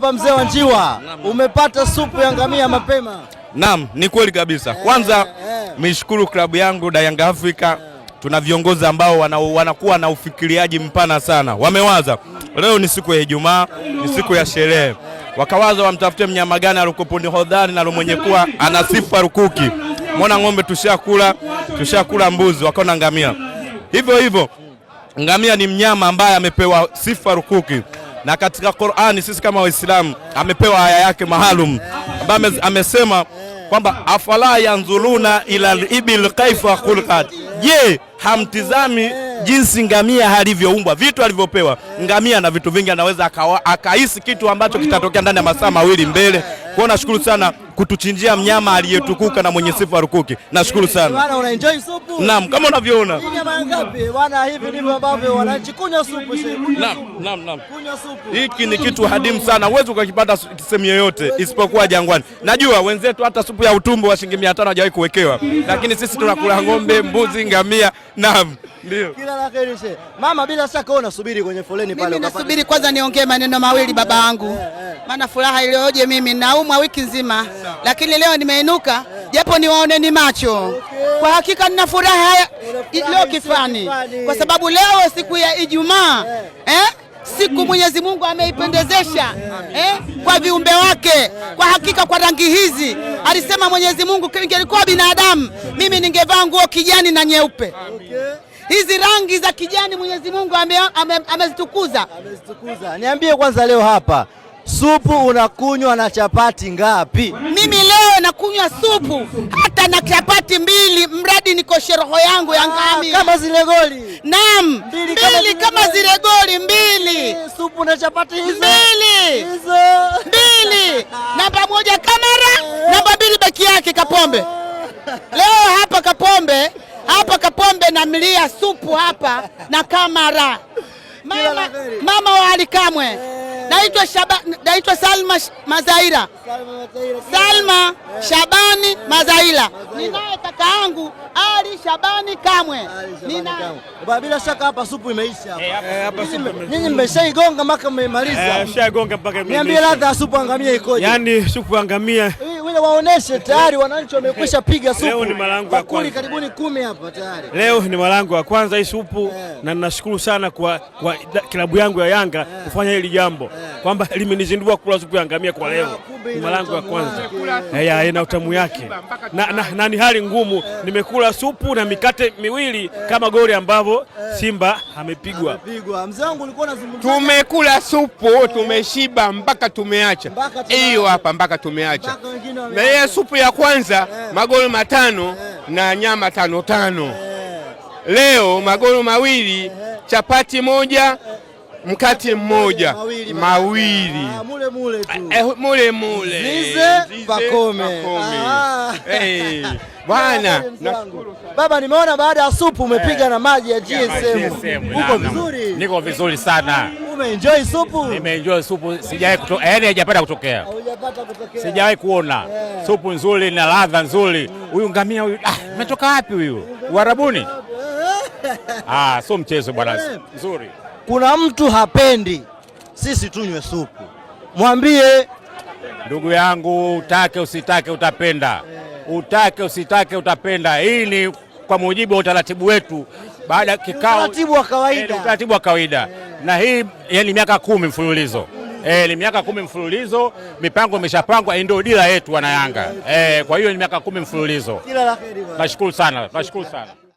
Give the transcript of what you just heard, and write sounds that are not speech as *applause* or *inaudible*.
hapa mzee wa njiwa, umepata supu ya ngamia mapema. Naam, ni kweli kabisa. Kwanza mishukuru eh, eh. klabu yangu da Yanga Africa, eh. tuna viongozi ambao wanakuwa na ufikiriaji mpana sana, wamewaza leo ni siku ya Ijumaa, ni siku ya sherehe, wakawaza wamtafute mnyama gani alikopo ni na mwenye kuwa ana sifa rukuki. Mwana ng'ombe tushakula, tushakula mbuzi, wakaona ngamia. Hivyo hivyo ngamia ni mnyama ambaye amepewa sifa rukuki na katika Qur'ani sisi kama Waislamu amepewa aya yake maalum ambayo amesema kwamba afala yanzuruna ila libil kaifa khulqat, je, hamtizami jinsi ngamia alivyoumbwa, vitu alivyopewa ngamia na vitu vingi, anaweza akahisi kitu ambacho kitatokea ndani ya masaa mawili mbele. Kwa nashukuru sana kutuchinjia mnyama aliyetukuka na mwenye sifa rukuki. Nashukuru sana. Naam, kama unavyoona hiki ni kitu hadimu sana, huwezi ukakipata sehemu yoyote isipokuwa Jangwani. Najua wenzetu hata supu ya utumbo wa shilingi 500 hajawahi kuwekewa, lakini sisi tunakula ng'ombe, mbuzi, ngamia. Naam, ndio kila la kheri she. Mama, bila shaka wewe unasubiri kwenye foleni pale. Mimi nasubiri kwanza niongee maneno mawili baba wangu, eh, eh, eh. maana furaha iliyoje mimi naumwa wiki nzima lakini leo nimeinuka japo niwaone ni macho. Kwa hakika nina furaha leo kifani, kwa sababu leo siku ya Ijumaa eh? siku Mwenyezi Mungu ameipendezesha eh, kwa viumbe wake. Kwa hakika kwa rangi hizi alisema Mwenyezi Mungu, ingelikuwa binadamu mimi ningevaa nguo kijani na nyeupe. Hizi rangi za kijani Mwenyezi Mungu amezitukuza. Niambie kwanza leo hapa Supu unakunywa na chapati ngapi? Mimi leo nakunywa supu hata na chapati mbili, mradi nikoshe roho yangu ya ah, ngami. Kama zile goli. Naam, mbili, mbili kama zile goli mbili. Eh, supu na chapati hizo. Mbili. Hizo. Mbili. *laughs* Namba moja kamera, eh. namba mbili beki yake Kapombe. *laughs* Leo hapa Kapombe, hapa Kapombe namlia supu hapa na kamera. Mama, mama wa Alikamwe. Naitwa naitwa Salma Mazaira, Salma Shabani eh. Mazaira. Ninaye kaka yangu Ali Shabani Kamwe. Bila shaka hapa supu imeisha hapa. Eh, ninyi mmeshaigonga mpaka mmemaliza? Eh, mpaka. Niambie ladha ya supu angamia ikoje? Yaani supu angamia Nataka waoneshe tayari wananchi wamekwisha piga supu. Leo ni malango ya kwanza. Karibuni kumi hapa tayari. Leo ni malango ya kwanza hii supu yeah. Na ninashukuru sana kwa, kwa klabu yangu ya Yanga yeah. kufanya hili jambo yeah. kwamba limenizindua kula supu ya ngamia kwa ah, leo yeah, ni malango ya kwanza yeah, eh, ina utamu yake na, na, na ni hali ngumu yeah. Nimekula supu na mikate miwili yeah. kama goli ambavyo yeah. Simba amepigwa. Tumekula supu eh. tumeshiba mpaka tumeacha hiyo hapa mpaka tumeacha mpaka na yeye supu ya kwanza yeah. magoli matano yeah. na nyama tano tano yeah. leo magoli mawili yeah. chapati moja mkati mmoja mawili, ah, mule mule tu. Pakome. Eh, eh, ah. eh, bwana baba, nimeona baada ya supu umepiga na maji ya GSM. Uko vizuri? Niko vizuri sana. Umeenjoy supu? Nimeenjoy supu, sijawahi kuto, yaani haijapata kutokea. Haijapata kutokea. Sijawahi kuona yeah. Supu nzuri na ladha nzuri. Huyu mm. ngamia huyu ah, yeah. Umetoka wapi huyu? Uarabuni? *laughs* Ah, so mchezo bwana eh. Nzuri. Kuna mtu hapendi sisi tunywe supu, mwambie ndugu yangu, utake usitake utapenda, eh. utake usitake utapenda. Hii ni kwa mujibu wa utaratibu wetu, baada ya kikao, utaratibu wa kawaida, eh, utaratibu wa kawaida na hii yani miaka kumi mfululizo E, ni miaka kumi mfululizo mipango imeshapangwa, eh, ndio dira yetu wana Yanga. E, kwa hiyo ni miaka kumi mfululizo. Nashukuru sana, nashukuru sana.